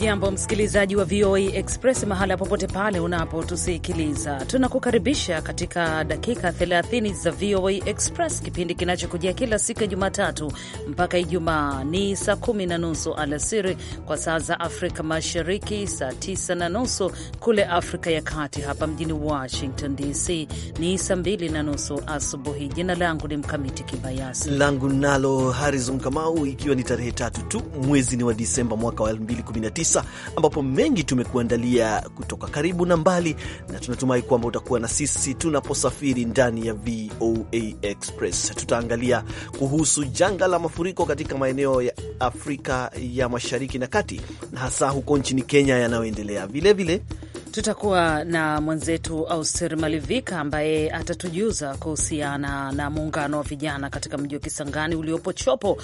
Hujambo msikilizaji wa VOA Express mahala popote pale unapotusikiliza, tunakukaribisha katika dakika 30 za VOA Express, kipindi kinachokujia kila siku ya Jumatatu mpaka Ijumaa. Ni saa kumi na nusu alasiri kwa saa za Afrika Mashariki, saa tisa na nusu kule Afrika ya Kati. Hapa mjini Washington DC ni saa mbili na nusu asubuhi. Jina langu ni Mkamiti Kibayasi, langu nalo Harizon Kamau, ikiwa ni tarehe tatu tu mwezi ni wa Disemba mwaka wa 2019 kabisa, ambapo mengi tumekuandalia kutoka karibu na mbali, na tunatumai kwamba utakuwa na sisi tunaposafiri ndani ya VOA Express. Tutaangalia kuhusu janga la mafuriko katika maeneo ya Afrika ya Mashariki na Kati, na hasa huko nchini Kenya yanayoendelea. Vilevile tutakuwa na mwenzetu Auster Malivika ambaye atatujuza kuhusiana na muungano wa vijana katika mji wa Kisangani uliopo Chopo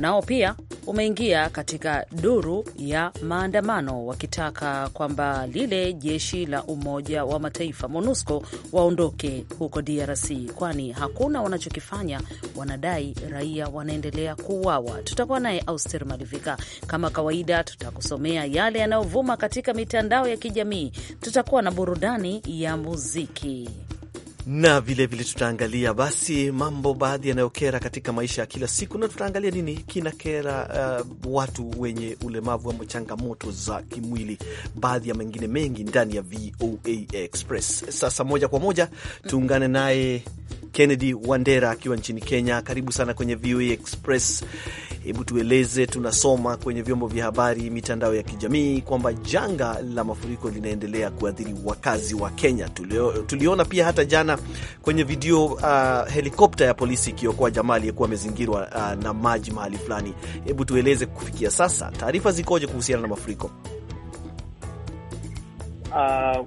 nao pia umeingia katika duru ya maandamano wakitaka kwamba lile jeshi la Umoja wa Mataifa MONUSCO waondoke huko DRC, kwani hakuna wanachokifanya. Wanadai raia wanaendelea kuuawa. Tutakuwa naye Auster Malivika kama kawaida, tutakusomea yale yanayovuma katika mitandao ya kijamii, tutakuwa na burudani ya muziki na vilevile tutaangalia basi mambo baadhi yanayokera katika maisha ya kila siku, na tutaangalia nini kinakera uh, watu wenye ulemavu ama changamoto za kimwili, baadhi ya mengine mengi ndani ya VOA Express. Sasa moja kwa moja tuungane naye Kennedy Wandera akiwa nchini Kenya. Karibu sana kwenye VOA Express. Hebu tueleze, tunasoma kwenye vyombo vya habari, mitandao ya kijamii kwamba janga la mafuriko linaendelea kuathiri wakazi wa Kenya. Tulio, tuliona pia hata jana kwenye video uh, helikopta ya polisi ikiokoa jamaa aliyekuwa amezingirwa uh, na maji mahali fulani. Hebu tueleze kufikia sasa taarifa zikoje kuhusiana na mafuriko? Uh,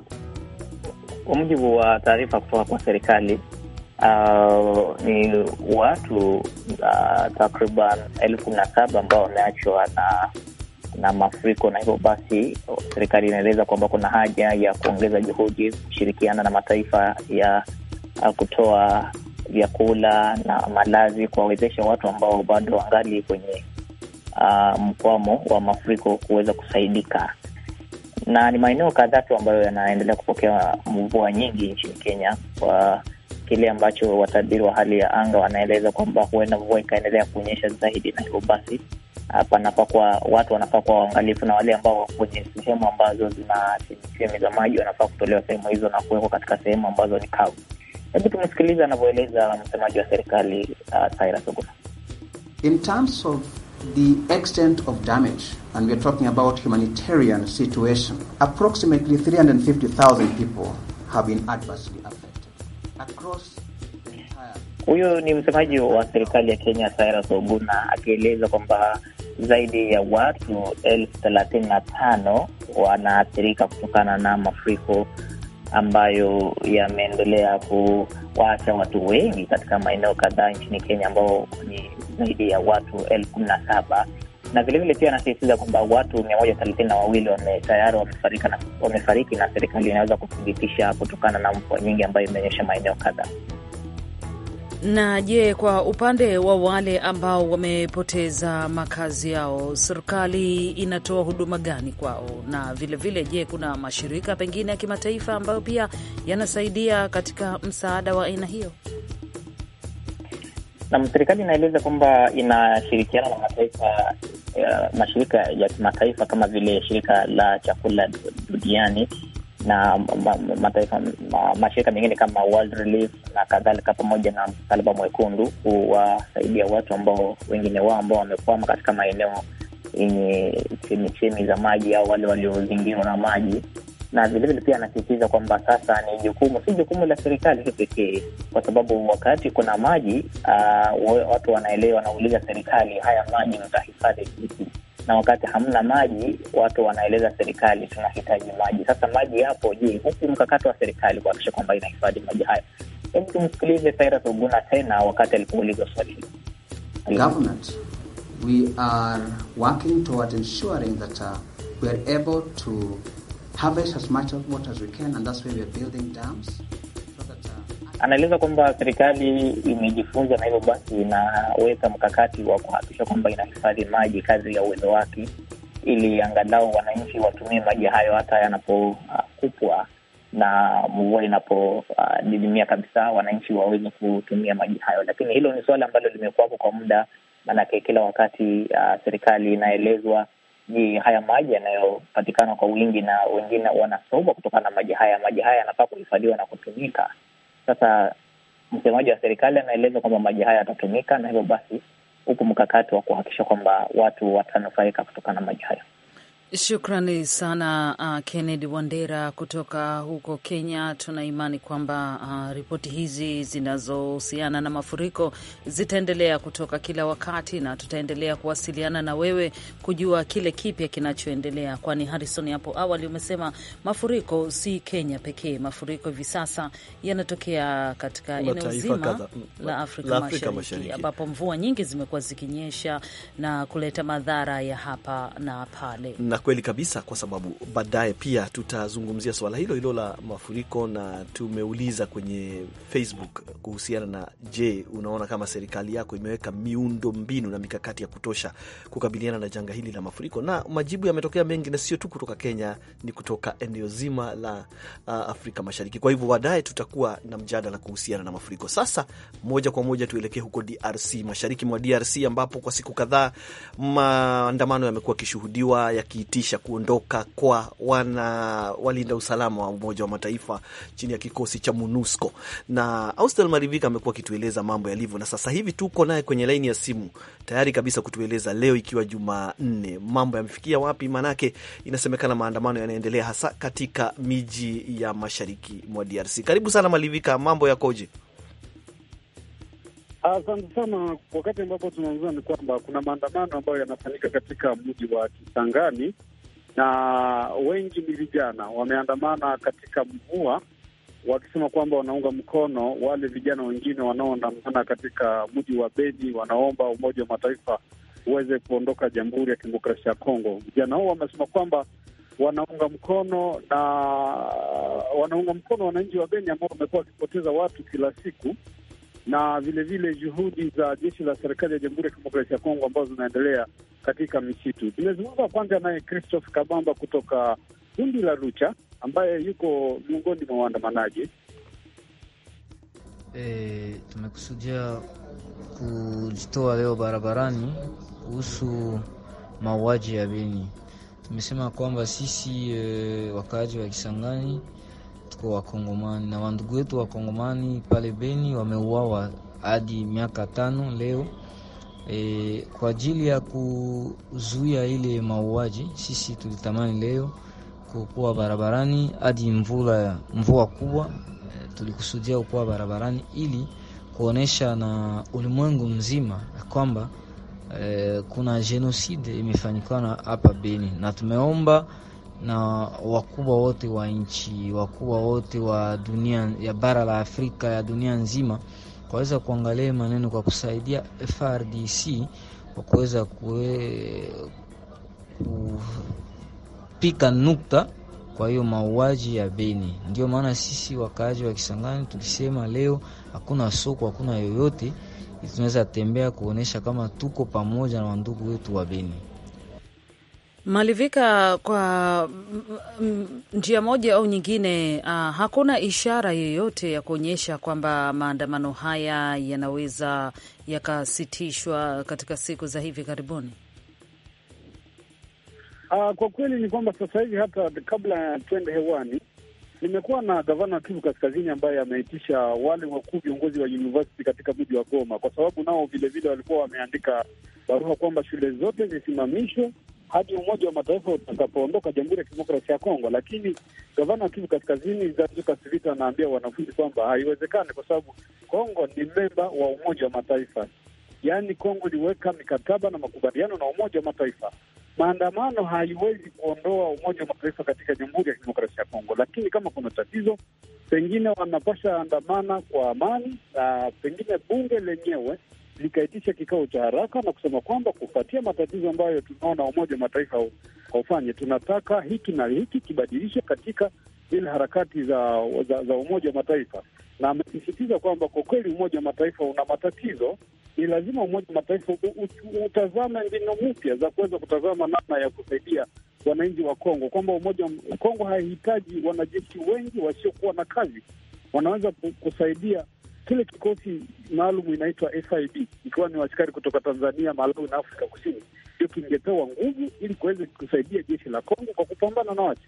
kwa mujibu wa taarifa kutoka kwa serikali uh, ni watu uh, takriban elfu kumi na saba ambao wameachwa na na mafuriko, na hivyo basi serikali inaeleza kwamba kuna haja ya kuongeza juhudi kushirikiana na mataifa ya uh, kutoa vyakula na malazi kuwawezesha watu ambao bado wangali kwenye uh, mkwamo wa mafuriko kuweza kusaidika. Na ni maeneo kadhaa tu ambayo yanaendelea kupokea mvua nyingi nchini Kenya kwa kile ambacho watabiri wa hali ya anga wanaeleza kwamba huenda mvua ikaendelea kuonyesha zaidi, na hivyo basi ah, panafaa kwa watu wanafaa kuwa waangalifu, na wale ambao wako kwenye sehemu ambazo zina chemichemi za maji wanafaa kutolewa sehemu hizo na kuwekwa katika sehemu ambazo ni kavu. Hebu tumsikiliza anavyoeleza msemaji wa serikali uh, ah, Taira Oguna. In terms of the extent of damage and we are talking about humanitarian situation approximately 350,000 people have been adversely affected. Huyu ni msemaji wa serikali ya Kenya Cyrus Oguna akieleza kwamba zaidi ya watu elfu thelathini na tano wanaathirika kutokana na mafuriko ambayo yameendelea kuwaacha watu wengi katika maeneo kadhaa nchini Kenya ambao ni zaidi ya watu elfu kumi na saba na vilevile pia anasisitiza kwamba watu mia moja thelathini na wawili tayari wamefariki na, na serikali inaweza kuthibitisha kutokana na mvua nyingi ambayo imeonyesha maeneo kadhaa. Na je, kwa upande wa wale ambao wamepoteza makazi yao, serikali inatoa huduma gani kwao? Na vilevile, je, kuna mashirika pengine ya kimataifa ambayo pia yanasaidia katika msaada wa aina hiyo? Nam, serikali inaeleza kwamba inashirikiana na mataifa mashirika ya kimataifa kama vile shirika la chakula duniani na mataifa ma, mashirika mengine kama World Relief na kadhalika, pamoja na Msalaba Mwekundu huwasaidia watu ambao wengine wao ambao wamekwama katika maeneo yenye chemichemi za maji au wale waliozingirwa na maji na vilevile pia anasisitiza kwamba sasa ni jukumu, si jukumu la serikali tu pekee, kwa sababu wakati kuna maji uh, watu wanaelewa, wanauliza serikali, haya maji mtahifadhi vipi? Na wakati hamna maji, watu wanaeleza serikali, tunahitaji maji. Sasa maji yapo, je, huku mkakati wa serikali kuhakikisha kwamba inahifadhi maji hayo? Hebu tumsikilize Cyrus Oguna tena wakati alipoulizwa swali hili. Government, we are working towards ensuring that uh, we are able to harvest as much of water as we can and that's we are building dams uh, Anaeleza kwamba serikali imejifunza na hivyo basi inaweka mkakati wa kuhakikisha kwamba inahifadhi maji kazi ya uwezo wake, ili angalau wananchi watumie maji hayo hata yanapokupwa na mvua inapodidimia kabisa, wananchi waweze kutumia maji hayo. Lakini hilo ni suala ambalo limekuwapo kwa muda, maanake kila wakati uh, serikali inaelezwa je, haya maji yanayopatikana kwa wingi na wengine wanasoba kutokana na maji haya, maji haya yanafaa kuhifadhiwa na kutumika. Sasa msemaji wa serikali anaeleza kwamba maji haya yatatumika, na hivyo basi huku mkakati wa kuhakikisha kwamba watu watanufaika kutokana na maji hayo. Shukrani sana uh, Kennedy Wandera kutoka huko Kenya. tunaimani kwamba uh, ripoti hizi zinazohusiana na mafuriko zitaendelea kutoka kila wakati, na tutaendelea kuwasiliana na wewe kujua kile kipya kinachoendelea, kwani Harrison, hapo awali umesema mafuriko si Kenya pekee. Mafuriko hivi sasa yanatokea katika eneo zima mm, la Afrika, la Afrika Mashariki ambapo mvua nyingi zimekuwa zikinyesha na kuleta madhara ya hapa na pale na kweli kabisa, kwa sababu baadaye pia tutazungumzia swala hilo hilo la mafuriko, na tumeuliza kwenye Facebook kuhusiana na je, unaona kama serikali yako imeweka miundo mbinu na mikakati ya kutosha kukabiliana na janga hili la mafuriko, na majibu yametokea mengi, na sio tu kutoka Kenya, ni kutoka eneo zima la uh, Afrika Mashariki. Kwa hivyo baadaye tutakuwa na mjadala kuhusiana na mafuriko. Sasa moja kwa moja tuelekee huko DRC, mashariki mwa DRC ambapo kwa siku kadhaa maandamano yamekuwa yakishuhudiwa yaki kuthibitisha kuondoka kwa wana walinda usalama wa Umoja wa Mataifa chini ya kikosi cha MONUSCO. Na Austel Marivika amekuwa akitueleza mambo yalivyo, na sasa hivi tuko naye kwenye laini ya simu tayari kabisa kutueleza leo, ikiwa Jumanne, mambo yamefikia wapi? Maanake inasemekana maandamano yanaendelea hasa katika miji ya mashariki mwa DRC. Karibu sana Marivika, mambo yakoje? Asante sana. Wakati ambapo tunaanza ni kwamba kuna maandamano ambayo yanafanyika katika mji wa Kisangani na wengi ni vijana wameandamana katika mvua, wakisema kwamba wanaunga mkono wale vijana wengine wanaoandamana katika mji wa Beni, wanaomba Umoja wa Mataifa uweze kuondoka Jamhuri ya Kidemokrasia ya Kongo. Vijana huo wamesema kwamba wanaunga mkono na wanaunga mkono wananchi wa Beni ambao wamekuwa wakipoteza watu kila siku na vilevile juhudi za jeshi la serikali ya Jamhuri ya Kidemokrasia ya Kongo ambazo zinaendelea katika misitu. Nimezungumza kwanza naye Christophe Kabamba kutoka kundi la Rucha ambaye yuko miongoni mwa waandamanaji. E, tumekusudia kujitoa leo barabarani kuhusu mauaji ya Beni. Tumesema kwamba sisi e, wakaaji wa Kisangani tuko Wakongomani na wandugu wetu Wakongomani pale Beni wameuawa hadi miaka tano leo. E, kwa ajili ya kuzuia ile mauaji, sisi tulitamani leo kukuwa barabarani hadi mvula mvua kubwa. E, tulikusudia kukuwa barabarani ili kuonesha na ulimwengu mzima kwamba e, kuna genocide imefanyikana hapa Beni na tumeomba na wakubwa wote wa nchi, wakubwa wote wa dunia ya bara la Afrika, ya dunia nzima, kwaweza kuangalia maneno kwa kusaidia FRDC kwa kuweza kupiga nukta kwa hiyo mauaji ya Beni. Ndio maana sisi wakaaji wa Kisangani tulisema leo hakuna soko, hakuna yoyote, tunaweza tembea kuonesha kama tuko pamoja na wandugu wetu wa Beni. Malivika, kwa njia moja au nyingine, uh, hakuna ishara yoyote ya kuonyesha kwamba maandamano haya yanaweza yakasitishwa katika siku za hivi karibuni. Uh, kwa kweli ni kwamba sasa hivi hata kabla ya twende hewani nimekuwa na gavana wa Kivu Kaskazini ambaye ameitisha wale wakuu viongozi wa university katika mji wa Goma, kwa sababu nao vilevile walikuwa wameandika barua kwamba shule zote zisimamishwe hadi Umoja wa Mataifa utakapoondoka Jamhuri ya Kidemokrasia ya Kongo. Lakini gavana wa Kivu Kaskazini Zazuka anaambia wanafunzi kwamba haiwezekani kwa sababu Kongo ni memba wa Umoja wa Mataifa, yaani Kongo iliweka mikataba na makubaliano na Umoja wa Mataifa. Maandamano haiwezi kuondoa Umoja wa Mataifa katika Jamhuri ya Kidemokrasia ya Kongo, lakini kama kuna tatizo, pengine wanapasha andamana kwa amani, na pengine bunge lenyewe likaitisha kikao cha haraka na kusema kwamba kufuatia matatizo ambayo tunaona Umoja wa Mataifa haufanye, tunataka hiki na hiki kibadilishe katika zile harakati za, za, za Umoja wa Mataifa, na amesisitiza kwamba kwa kweli Umoja wa Mataifa una matatizo. Ni lazima Umoja wa Mataifa utazame mbinu mpya za kuweza kutazama namna ya kusaidia wananchi wa Kongo, kwamba umoja Kongo hahitaji wanajeshi wengi wasiokuwa na kazi, wanaweza kusaidia kile kikosi maalum inaitwa FIB ikiwa ni askari kutoka Tanzania, Malawi na Afrika Kusini, ndio kingepewa nguvu ili kuweza kusaidia jeshi la Kongo kwa kupambana na watu.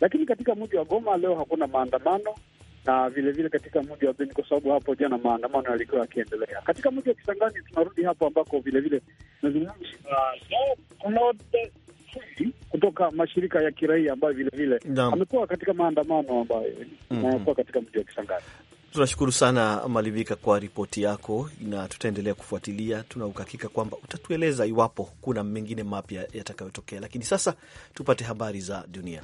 Lakini katika mji wa Goma leo hakuna maandamano na vilevile vile katika mji wa Beni, kwa sababu hapo jana maandamano yalikuwa yakiendelea. Katika mji wa Kisangani, tunarudi hapo ambako vilevile kutoka mashirika ya kiraia ambayo vilevile amekuwa katika maandamano ambayo mm -hmm. katika mji wa Kisangani. Tunashukuru sana Malivika kwa ripoti yako, na tutaendelea kufuatilia. Tuna uhakika kwamba utatueleza iwapo kuna mengine mapya yatakayotokea, lakini sasa tupate habari za dunia.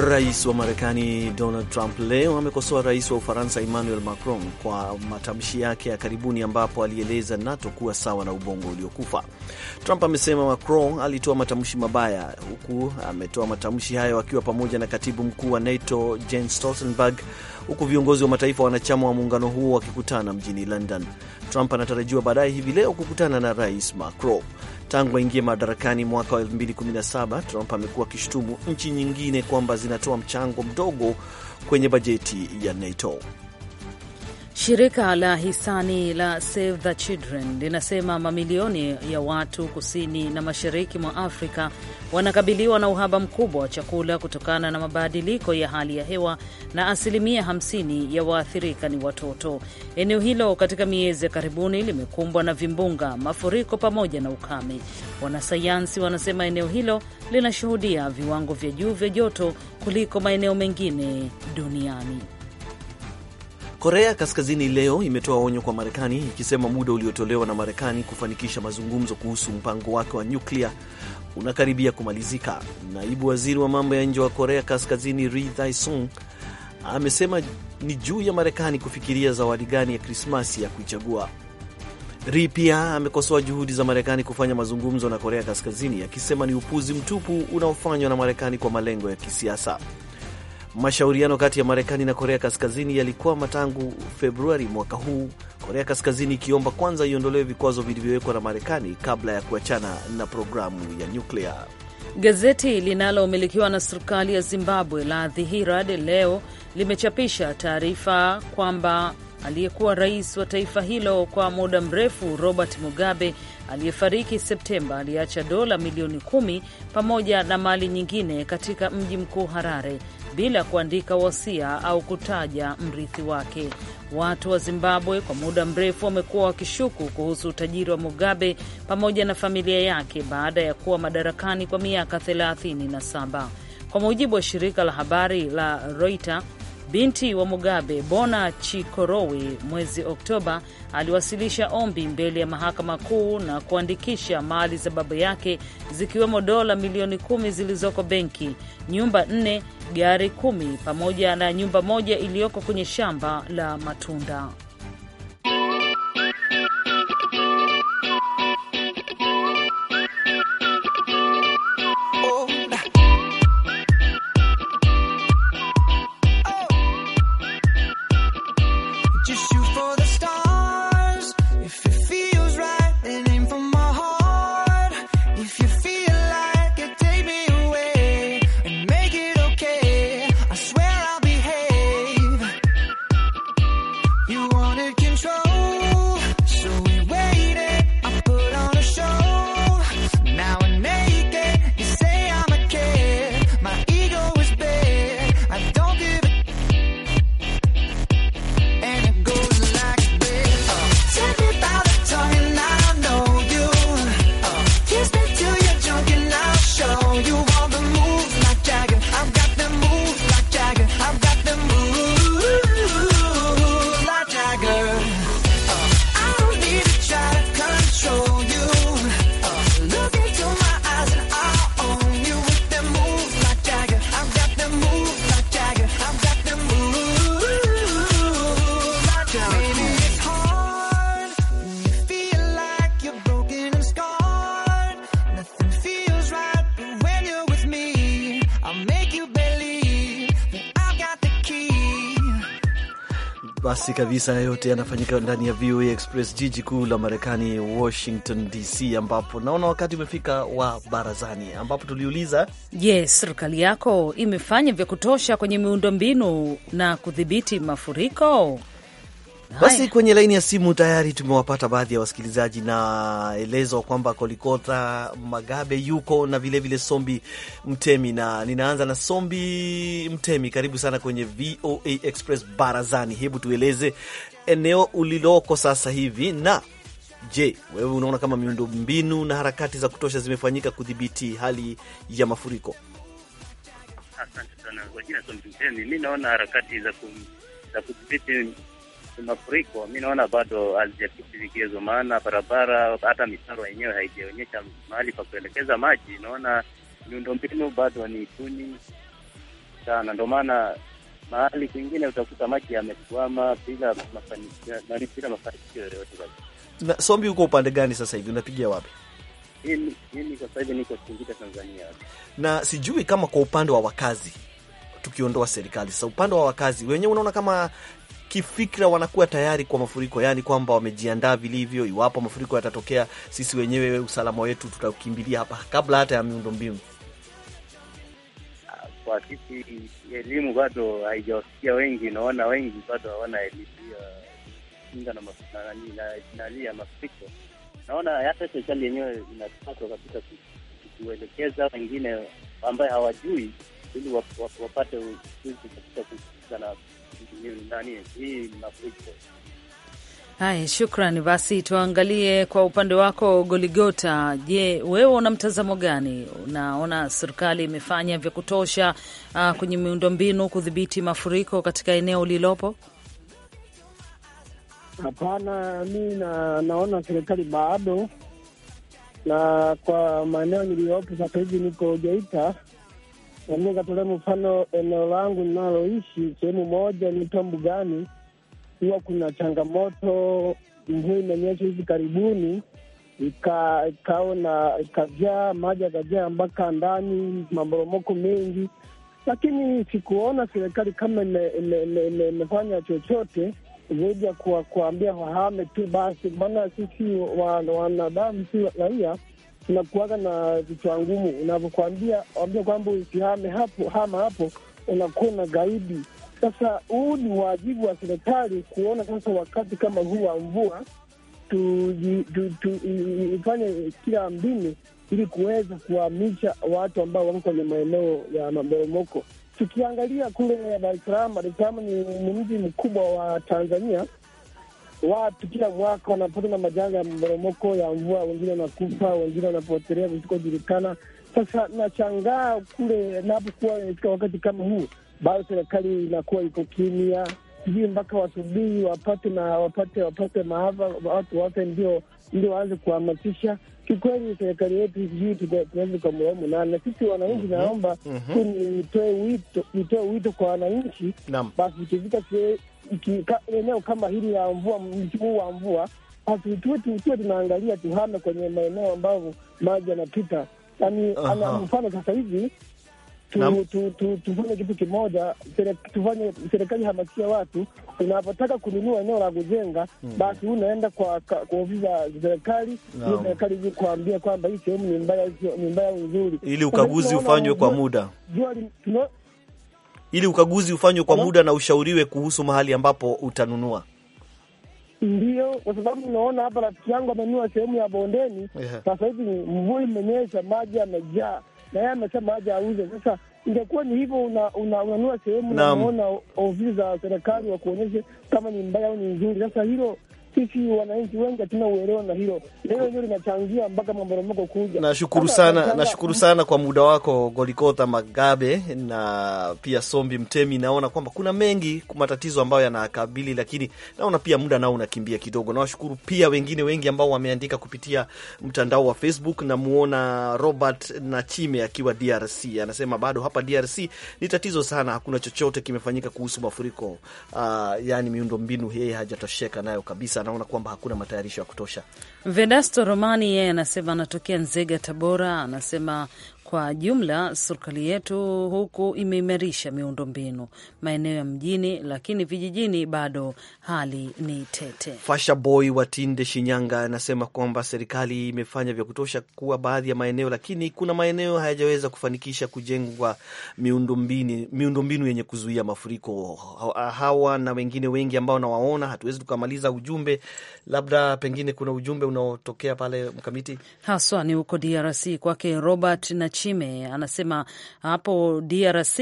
Rais wa Marekani Donald Trump leo amekosoa rais wa Ufaransa Emmanuel Macron kwa matamshi yake ya karibuni ambapo alieleza NATO kuwa sawa na ubongo uliokufa. Trump amesema Macron alitoa matamshi mabaya, huku ametoa matamshi hayo akiwa pamoja na katibu mkuu wa NATO Jens Stoltenberg, huku viongozi wa mataifa wanachama wa muungano huo wakikutana mjini London. Trump anatarajiwa baadaye hivi leo kukutana na rais Macron. Tangu aingie madarakani mwaka wa 2017 Trump amekuwa akishutumu nchi nyingine kwamba zinatoa mchango mdogo kwenye bajeti ya NATO. Shirika la hisani la Save the Children linasema mamilioni ya watu kusini na mashariki mwa Afrika wanakabiliwa na uhaba mkubwa wa chakula kutokana na mabadiliko ya hali ya hewa na asilimia 50 ya waathirika ni watoto. Eneo hilo katika miezi ya karibuni limekumbwa na vimbunga, mafuriko pamoja na ukame. Wanasayansi wanasema eneo hilo linashuhudia viwango vya juu vya joto kuliko maeneo mengine duniani. Korea Kaskazini leo imetoa onyo kwa Marekani ikisema muda uliotolewa na Marekani kufanikisha mazungumzo kuhusu mpango wake wa nyuklia unakaribia kumalizika. Naibu waziri wa mambo ya nje wa Korea Kaskazini Ri Thae-sung amesema ni juu ya Marekani kufikiria zawadi gani ya Krismasi ya kuichagua. Ri pia amekosoa juhudi za Marekani kufanya mazungumzo na Korea Kaskazini akisema ni upuzi mtupu unaofanywa na Marekani kwa malengo ya kisiasa. Mashauriano kati ya Marekani na Korea Kaskazini yalikwama tangu Februari mwaka huu, Korea Kaskazini ikiomba kwanza iondolewe vikwazo vilivyowekwa na Marekani kabla ya kuachana na programu ya nyuklia. Gazeti linalomilikiwa na serikali ya Zimbabwe la The Herald leo limechapisha taarifa kwamba aliyekuwa rais wa taifa hilo kwa muda mrefu Robert Mugabe aliyefariki Septemba aliacha dola milioni kumi pamoja na mali nyingine katika mji mkuu Harare bila kuandika wasia au kutaja mrithi wake. Watu wa Zimbabwe kwa muda mrefu wamekuwa wakishuku kuhusu utajiri wa Mugabe pamoja na familia yake baada ya kuwa madarakani kwa miaka 37. Kwa mujibu wa shirika la habari la Reuters, binti wa Mugabe, Bona Chikorowe, mwezi Oktoba aliwasilisha ombi mbele ya mahakama kuu na kuandikisha mali za baba yake zikiwemo dola milioni kumi zilizoko benki, nyumba nne, gari kumi pamoja na nyumba moja iliyoko kwenye shamba la matunda. Basi kabisa. Yote yanafanyika ndani ya VOA Express, jiji kuu la Marekani, Washington DC, ambapo naona wakati umefika wa barazani, ambapo tuliuliza je, yes, serikali yako imefanya vya kutosha kwenye miundombinu na kudhibiti mafuriko? Basi kwenye laini ya simu tayari tumewapata baadhi ya wasikilizaji, na elezwa kwamba Kolikota Magabe yuko na vilevile vile Sombi Mtemi, na ninaanza na Sombi Mtemi. Karibu sana kwenye VOA Express Barazani. Hebu tueleze eneo uliloko sasa hivi, na je, wewe unaona kama miundo mbinu na harakati za kutosha zimefanyika kudhibiti hali ya mafuriko? Asante sana. Kwa jina Sombi Mtemi, mi naona harakati za kudhibiti mafuriko, mi naona bado hazijafikia vigezo, maana barabara hata mitaro yenyewe haijaonyesha mahali pa kuelekeza maji. Naona miundombinu bado ni tuni sana, ndio maana mahali kwingine utakuta maji yamekwama bila mafanikio yaani yoyote. Sombi, uko upande gani sasa hivi, unapigia wapi? Mimi sasa hivi niko Singida, Tanzania, na sijui kama kwa upande wa wakazi tukiondoa serikali sasa, upande wa wakazi wenyewe, unaona kama kifikra wanakuwa tayari kwa mafuriko, yaani kwamba wamejiandaa vilivyo. Iwapo mafuriko yatatokea, sisi wenyewe usalama wetu tutakimbilia hapa kabla hata ya miundo mbinu Kwa sisi elimu bado haijawafikia wengi, naona wengi bado hawana elimu kinga ya mafuriko. Naona hata serikali yenyewe inapaswa katika kuelekeza wengine ambaye hawajui ili wapate ujuzi katika kukinga na nani hii mafuriko. Haya, shukrani Basi tuangalie kwa upande wako Goligota. Je, wewe una mtazamo gani? Unaona serikali imefanya vya kutosha uh, kwenye miundombinu kudhibiti mafuriko katika eneo lilopo Hapana, mi na, naona serikali bado, na kwa maeneo niliyopo sasa hivi niko Geita Naweza nikatolea mfano eneo langu linaloishi, sehemu moja inaitwa Mbugani, huwa kuna changamoto. Mvua imenyesha hivi karibuni, ikao ikajaa maji, akajaa mpaka ndani, mamboromoko mengi, lakini sikuona serikali kama imefanya chochote zaidi ya kuwaambia wahame tu basi, maana sisi wanadamu, si raia kunakuwaga na vichwa ngumu. Unavyokwambia wambia kwamba usihame hapo, hama hapo, unakuwa na gaidi. Sasa huu ni wajibu wa serikali kuona sasa wakati kama huu wa mvua tufanye kila mbinu ili kuweza kuhamisha watu ambao wako kwenye maeneo ya maboromoko. Tukiangalia kule Dar es Salaam, Dar es Salaam ni mji mkubwa wa Tanzania watu kila mwaka wanapata na majanga ya mboromoko ya mvua, wengine wanakufa, wengine wanapotelea visikojulikana. Sasa nachangaa kule napokuwa katika wakati kama huu, bado serikali inakuwa iko kimya, sijui mpaka wasubiri wapate na wapate wapate maafa, watu wafe ndio ndio waanze kuhamasisha kikweli serikali yetu sijui tunaweza tukamlaumu na na sisi wananchi, mhm. naomba mhm. nitoe wito kwa wananchi basi ikifika eneo kama hili la mvua, msimu wa mvua, basi tuwe tunaangalia tuhame kwenye maeneo ambavyo maji yanapita, yani ana mfano sasa hivi tufanye mm. tu, tu, tu, kitu kimoja, tufanye serikali hamasia watu, unapotaka kununua eneo la kujenga mm. basi unaenda kwa, kwa, ofisi za serikali serikali kuambia kwamba hii sehemu ni mbaya, ni mbaya nzuri, ili ukaguzi ufanywe kwa muda ili ukaguzi ufanywe kwa muda na ushauriwe kuhusu mahali ambapo utanunua. Ndiyo, kwa sababu unaona hapa rafiki yangu amenunua sehemu ya bondeni sasa hivi mvua imenyesha, maji yamejaa na yeye amesema aje auze. Sasa ingekuwa ni hivyo, unanua una, una sehemu na unaona ofisi za serikali wakuonyeshe kama ni mbaya au ni nzuri. Sasa hilo sisi wananchi wengi hatuna uelewa na hilo, na hilo ndio linachangia mpaka maporomoko kuja. Nashukuru sana, nashukuru sana kwa muda wako Golikota Magabe na pia Sombi Mtemi. Naona kwamba kuna mengi matatizo ambayo yanakabili, lakini naona pia muda nao unakimbia kidogo. Nawashukuru pia wengine wengi ambao wameandika kupitia mtandao wa Facebook. Namuona Robert Nachime akiwa DRC anasema bado hapa DRC ni tatizo sana, hakuna chochote kimefanyika kuhusu mafuriko. Uh, ah, yani miundo mbinu yeye hajatosheka nayo kabisa kabisa, anaona kwamba hakuna matayarisho ya kutosha. Vedasto Romani yeye anasema anatokea Nzega, Tabora, anasema kwa jumla, serikali yetu huku imeimarisha miundombinu maeneo ya mjini, lakini vijijini bado hali ni tete. Fasha Boy Watinde, Shinyanga, anasema kwamba serikali imefanya vya kutosha kuwa baadhi ya maeneo, lakini kuna maeneo hayajaweza kufanikisha kujengwa miundo miundombinu yenye kuzuia mafuriko. Hawa na wengine wengi ambao nawaona, hatuwezi tukamaliza ujumbe. Labda pengine kuna ujumbe unaotokea pale Mkamiti, haswa ni huko DRC kwake Robert na Chime anasema hapo DRC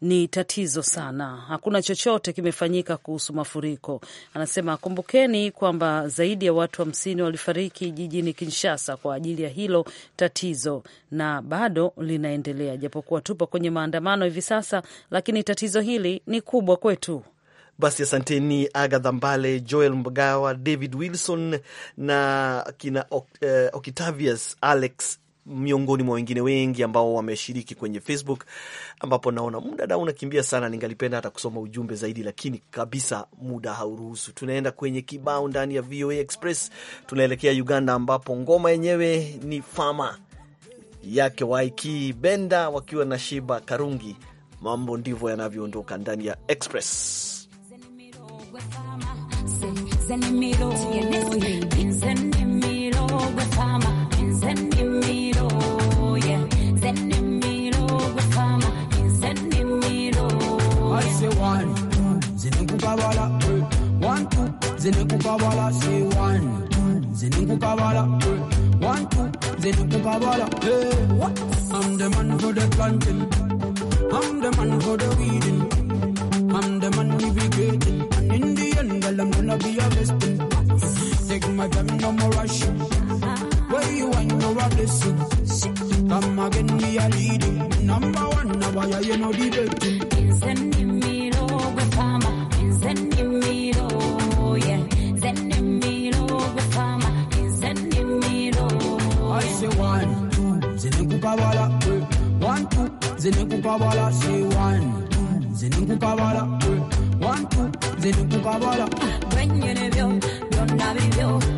ni tatizo sana, hakuna chochote kimefanyika kuhusu mafuriko. Anasema kumbukeni kwamba zaidi ya watu hamsini wa walifariki jijini Kinshasa kwa ajili ya hilo tatizo, na bado linaendelea, japokuwa tupo kwenye maandamano hivi sasa, lakini tatizo hili ni kubwa kwetu. Basi asanteni Agatha Mbale, Joel Mgawa, David Wilson na kina eh, Octavius Alex miongoni mwa wengine wengi ambao wameshiriki kwenye Facebook, ambapo naona muda da unakimbia sana. Ningalipenda hata kusoma ujumbe zaidi, lakini kabisa muda hauruhusu. Tunaenda kwenye kibao ndani ya VOA Express, tunaelekea Uganda, ambapo ngoma yenyewe ni fama yake Waiki Benda wakiwa na Shiba Karungi. Mambo ndivyo yanavyoondoka ndani ya Express. kubabala say one two one two hey I'm the man for the planting I'm the man for the weeding I'm the man navigating and in the end girl I'm gonna be your vesting take my time no more rushing way you a blessing. Come again, me a leading. Number one, now why you know the I say one, two, zenekukabala. One, two, zenekukabala. Say one, two, zenekukabala. One, two, Dueño de Dios la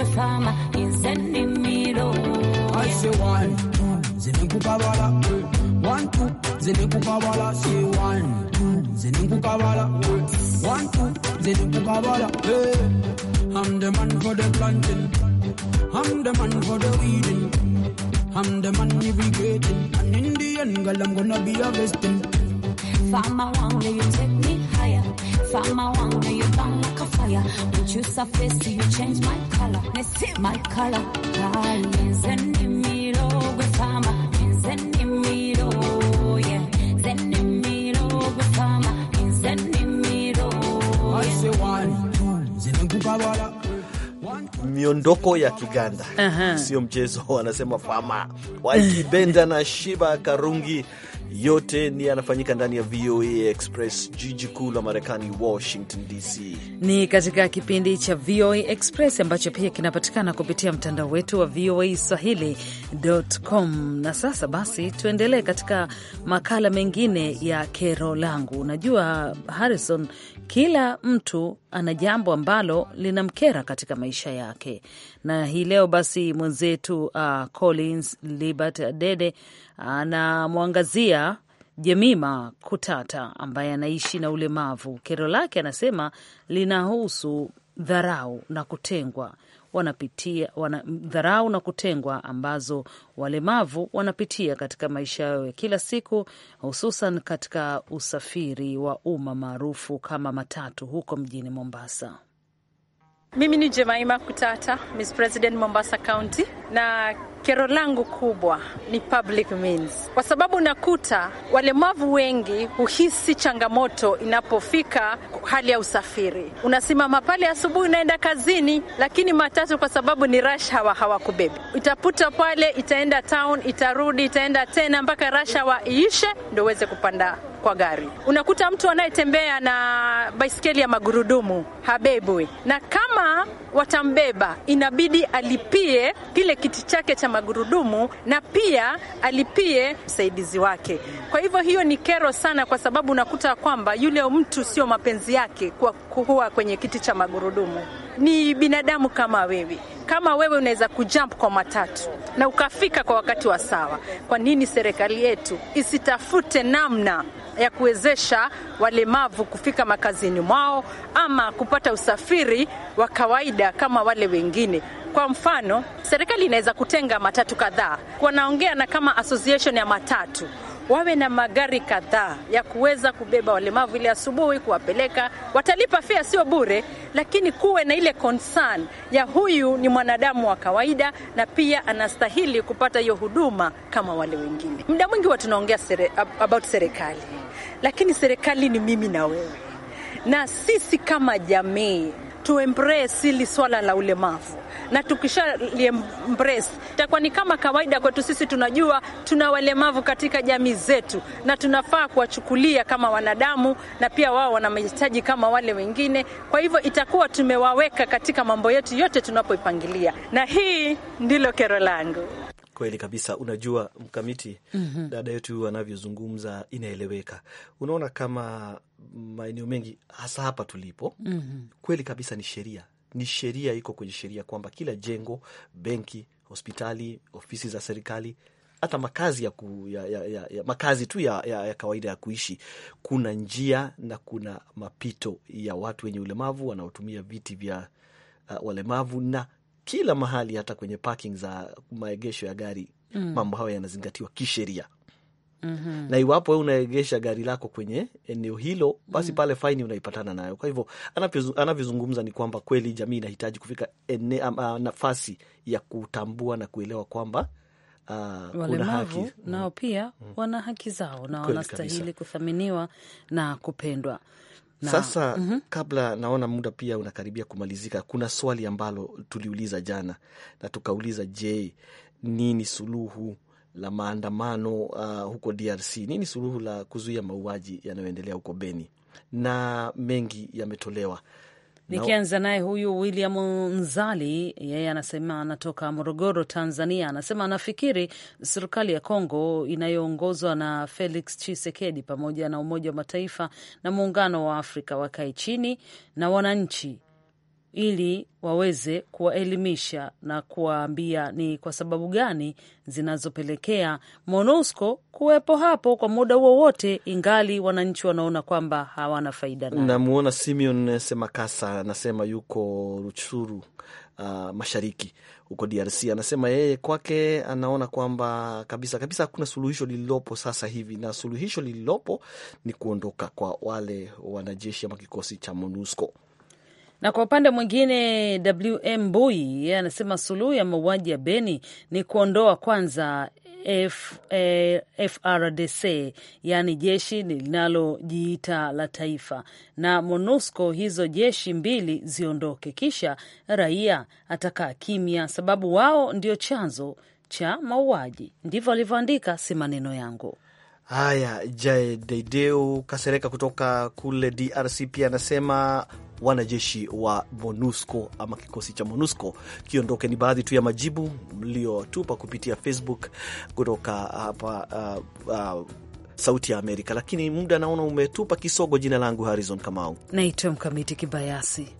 wefama izennimiro one two zilingukabala one two zilingukabala se one two zilingukabala one two zilingukabala I'm the man for the planting I'm the man for the weeding I'm the man irrigating and in the end girl I'm gonna be a vesting Farmer, won't you take me you burn like a fire. Don't you surface, you change my color. My color. miondoko ya Kiganda uh -huh. Sio mchezo, wanasema fama wakibenda na Shiba Karungi yote ni yanafanyika ndani ya VOA Express, jiji kuu la Marekani, Washington DC. Ni katika kipindi cha VOA Express ambacho pia kinapatikana kupitia mtandao wetu wa VOA Swahili.com. Na sasa basi, tuendelee katika makala mengine ya kero langu. Unajua Harrison, kila mtu ana jambo ambalo linamkera katika maisha yake, na hii leo basi mwenzetu uh, Collins Libert Adede anamwangazia Jemima Kutata ambaye anaishi na ulemavu. Kero lake anasema linahusu dharau na kutengwa wanapitia wana, dharau na kutengwa ambazo walemavu wanapitia katika maisha yao ya kila siku, hususan katika usafiri wa umma maarufu kama matatu huko mjini Mombasa. Mimi ni Jemaima Kutata, Miss President Mombasa County na Kero langu kubwa ni public means, kwa sababu nakuta walemavu wengi huhisi changamoto inapofika hali ya usafiri. Unasimama pale asubuhi, unaenda kazini, lakini matatu kwa sababu ni rush hawa hawakubebi, itaputa pale, itaenda town, itarudi, itaenda tena mpaka rush hawa iishe, ndo uweze kupanda kwa gari. Unakuta mtu anayetembea na baiskeli ya magurudumu habebwi, na kama watambeba inabidi alipie kile kiti chake cha magurudumu na pia alipie msaidizi wake. Kwa hivyo hiyo ni kero sana, kwa sababu unakuta kwamba yule mtu sio mapenzi yake kwa kuwa kwenye kiti cha magurudumu. Ni binadamu kama wewe kama wewe unaweza kujump kwa matatu na ukafika kwa wakati wa sawa. Kwa nini serikali yetu isitafute namna ya kuwezesha walemavu kufika makazini mwao ama kupata usafiri wa kawaida kama wale wengine? Kwa mfano, serikali inaweza kutenga matatu kadhaa, wanaongea na kama association ya matatu wawe na magari kadhaa ya kuweza kubeba walemavu ile asubuhi kuwapeleka. Watalipa fea, sio bure, lakini kuwe na ile concern ya huyu ni mwanadamu wa kawaida, na pia anastahili kupata hiyo huduma kama wale wengine. Muda mwingi huwa tunaongea sere, about serikali, lakini serikali ni mimi na wewe na sisi kama jamii tu embrace hili swala la ulemavu, na tukisha embrace itakuwa ni kama kawaida kwetu sisi. Tunajua tuna walemavu katika jamii zetu, na tunafaa kuwachukulia kama wanadamu, na pia wao wana mahitaji kama wale wengine. Kwa hivyo itakuwa tumewaweka katika mambo yetu yote tunapoipangilia, na hii ndilo kero langu. Kweli kabisa. Unajua mkamiti, mm -hmm. dada yetu anavyozungumza inaeleweka. Unaona kama maeneo mengi hasa hapa tulipo, mm -hmm. kweli kabisa, ni sheria, ni sheria, iko kwenye sheria kwamba kila jengo, benki, hospitali, ofisi za serikali hata makazi ya, ku, ya, ya, ya, ya makazi tu ya, ya, ya kawaida ya kuishi, kuna njia na kuna mapito ya watu wenye ulemavu wanaotumia viti vya uh, walemavu na kila mahali, hata kwenye parking za maegesho ya gari mm. mambo hayo yanazingatiwa kisheria. Mm -hmm. Na iwapo wewe unaegesha gari lako kwenye eneo hilo basi, mm -hmm. pale faini unaipatana nayo. Kwa hivyo anavyozungumza ni kwamba kweli jamii inahitaji kufika ene, uh, nafasi ya kutambua na kuelewa kwamba Uh, walemavu mm. nao pia mm. wana haki zao na wanastahili kuthaminiwa na kupendwa na sasa mm -hmm. Kabla naona muda pia unakaribia kumalizika, kuna swali ambalo tuliuliza jana na tukauliza, je, nini suluhu la maandamano uh, huko DRC? Nini suluhu la kuzuia mauaji yanayoendelea huko Beni? Na mengi yametolewa Nikianza naye huyu William Nzali, yeye anasema anatoka Morogoro, Tanzania. Anasema anafikiri serikali ya Kongo inayoongozwa na Felix Tshisekedi pamoja na Umoja wa Mataifa na Muungano wa Afrika wakae chini na wananchi ili waweze kuwaelimisha na kuwaambia ni kwa sababu gani zinazopelekea MONUSCO kuwepo hapo kwa muda wowote, ingali wananchi wanaona kwamba hawana faida nayo. Simeon Semakasa anasema yuko Ruchuru, uh, mashariki huko DRC. Anasema yeye kwake anaona kwamba kabisa kabisa hakuna suluhisho lililopo sasa hivi, na suluhisho lililopo ni kuondoka kwa wale wanajeshi ama kikosi cha MONUSCO. Na kwa upande mwingine, WM Bui anasema suluhu ya mauaji ya Beni ni kuondoa kwanza F, eh, FRDC yaani jeshi linalojiita la taifa na MONUSCO, hizo jeshi mbili ziondoke, kisha raia atakaa kimya, sababu wao ndio chanzo cha mauaji. Ndivyo alivyoandika, si maneno yangu haya. jadeideu Kasereka kutoka kule DRC pia anasema wanajeshi wa MONUSCO ama kikosi cha MONUSCO kiondoke. Ni baadhi tu ya majibu mliotupa kupitia Facebook kutoka hapa uh, uh, Sauti ya Amerika. Lakini muda naona umetupa kisogo. Jina langu Harrison Kamau, naitwa Mkamiti Kibayasi.